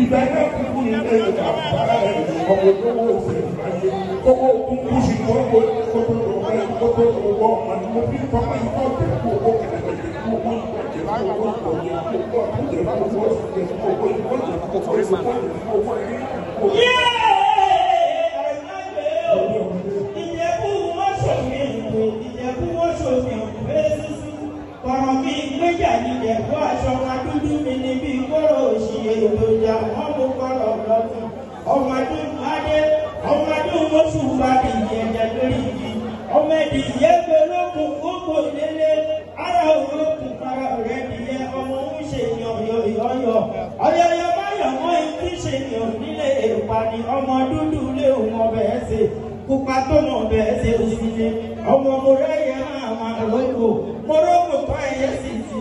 ìbẹ̀rẹ̀ kọ̀rọ̀ mi gbéjà ní ẹ̀kọ́ aṣọ wa dúdú mi ní bí kóró òṣì èròjà wọn mú kọ́rọ̀ lọ́dún ọmọdé adé ọmọdé oṣù wa ìyẹn ẹ̀jẹ̀ lórí igi ọmọ ẹ̀dì yẹ́ pé olókùn kókò lélẹ̀ ara olókùn para rẹ̀ nìyẹn ọmọ ń ṣe yọ̀yọ̀ yọ̀yọ̀ ọ̀yọ̀yọ̀ báyọ̀ mọ́ ikú ṣe yọ̀ nílé ìpàdé ọmọ dúdú lé òun ọbẹ̀ ẹ̀ ṣe pupa tó mọ̀ ọmọ mo rẹ̀ yẹ máa máa lọ́kọ̀ mo rọ́kọ̀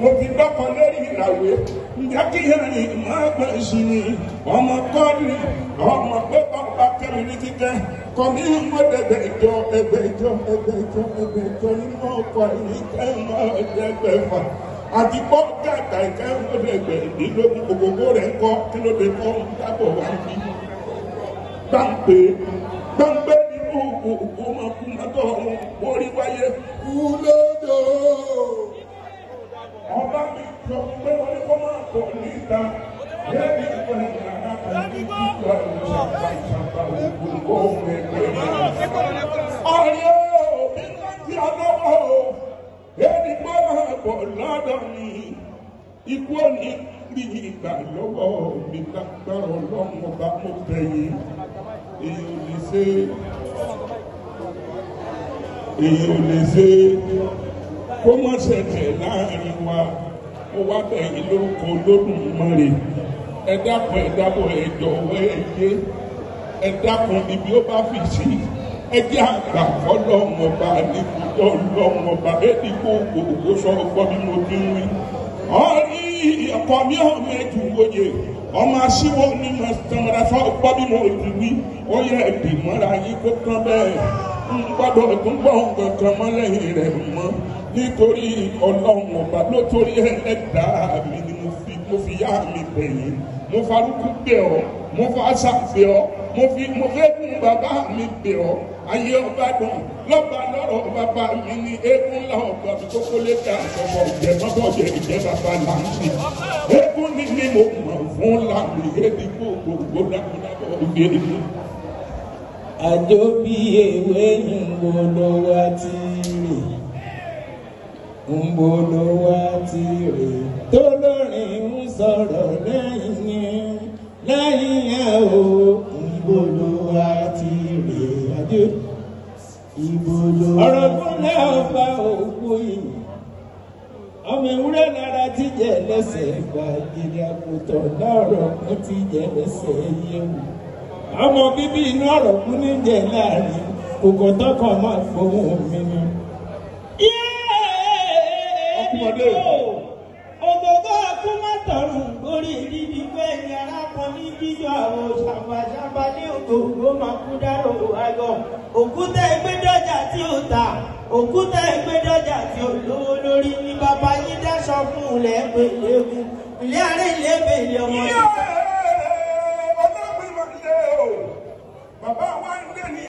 mo fi dọ́kọ lérí ndị njẹ́ kí ìrìn máa gbé ìsinmi ọmọ kọrị ọmọ pé bàbá kẹ́mi ní kíkẹ́ kọ́mi ń mọ ẹgbẹ́ ìjọ ẹgbẹ́ ìjọ ẹgbẹ́ ìjọ ẹgbẹ́ ìjọ nínú ọ̀rẹ́ o bí ọlọ́wọ́ o mi ikú òní rí ìgbà lọ́wọ́ mi lágbára ọlọ́run ọba mo bẹ̀ yìí èyí ò lè ṣe èyí ò lè ṣe kó má ṣẹ̀jẹ̀ láàrin wa ó wá ẹ dákun ẹ dábọ̀ ẹ jọ̀wọ́ ẹ dé ẹ dákun ibi ó bá fi sí ẹ jẹ́ àgbà fọlọ́mọba nígbà ọlọ́mọba ẹni kó gbogbo sọ gbọ́ bí mo ti ń wí. ọ̀rí ẹ̀kọ́ mi ò mẹ́ ju oyè ọmọ asíwò ni mo tẹmọ̀ra sọ gbọ́ bí mo ti wí ó yẹ ẹ̀dì mọ́ra yín kó tán bẹ́ẹ̀ ń gbọ́dọ̀ ìgbọ́n kankan mọ́ lẹ́yìn rẹ̀ mọ́ nítorí ọlọ́mọba lótórí ẹ̀ẹ́dá mi ni mo fi yá mi bẹ̀yìn mo farúkú bẹ̀ ọ́ mo fàṣà bẹ̀ ọ́ mo fi mo fẹ́ kún bàbá mi bẹ̀ ọ́ ayé ọba dùn lọ́ba lọ́rọ̀ bàbá mi ní eégún làwọn ọ̀gbà mi tó kólé ká àtọ̀wọ̀ ìjẹ́ mọ́tọ̀jẹ́ ìjẹ́ bàbá là ń sìn eégún ní ni mo mọ̀ fún làmì èdè gbogbo gbódàgbódàgbọ̀ ìgbèrè mi. àjọ bí ewé ìwọ lọ́wọ́ àti rè ń bọ́ lọ́wọ́ àti rè sọ̀rọ̀ lẹ́yìn yẹn lẹ́yìn yẹn o ìbolo àti ìrìn àjò ìbolo. ọ̀rọ̀ gúnlẹ̀ ọba òkú yìí ọmọ ewúrẹ́ lára jíjẹ lẹ́sẹ̀ gbàgede àkótọ̀ lọ́rọ̀ kó tíjẹ lẹ́sẹ̀ yẹ̀wò ọmọ bíbí inú ọ̀rọ̀ kú níjẹ láàrin kòkò tọkọ máa fowó mi ọkùnrin ọdẹ kú má tọrùn lórí ìdíbi pé ẹni alákan ní jíjọ àwọn ṣàǹbàṣàǹbà ní òkè òkú máa kú dárò ayọ̀ òkúta ẹgbẹ́dọ́jà tí ó ta òkúta ẹgbẹ́dọ́jà tí ó lówó lórí ní bàbá yín dáṣọ fún un lẹ́ẹ̀pẹ̀ lẹ́ẹ̀kú ilé àárẹ̀ ilé ẹ̀bẹ̀ ilé